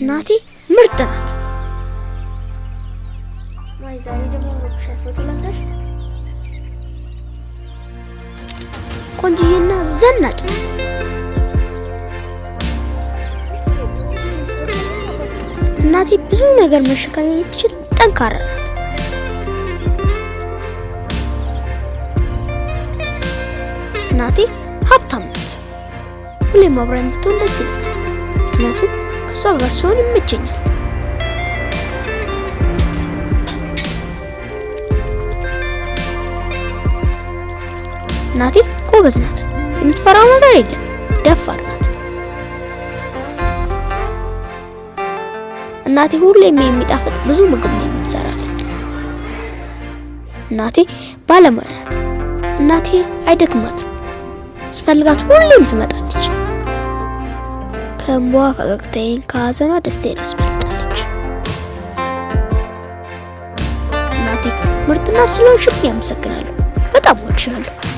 እናቴ ምርጥ ናት። ማይ ዛሬ ደግሞ ቆንጅዬና ዘናጭ ናት። እናቴ ብዙ ነገር መሸከም የምትችል ጠንካራ ናት። እናቴ ሀብታም ናት። ሁሌም አብራ የምትሆን ደስ ይላል። ምክንያቱም ከእሷ ጋር ሲሆን ይመቸኛል። እናቴ ጎበዝ ናት። የምትፈራው ነገር የለም። ደፋር ናት። እናቴ ሁሌም የሚጣፍጥ ብዙ ምግብ ነው የምትሰራልኝ። እናቴ ባለሙያ ናት። እናቴ አይደክማትም። ስፈልጋት ሁሌም ትመጣለች። ተንቧ ፈገግታዬን ከሀዘኗ ደስታዬን አስመልጣለች። እናቴ ምርጥና ስለሆንሽ ያመሰግናለሁ። በጣም ወድሻለሁ።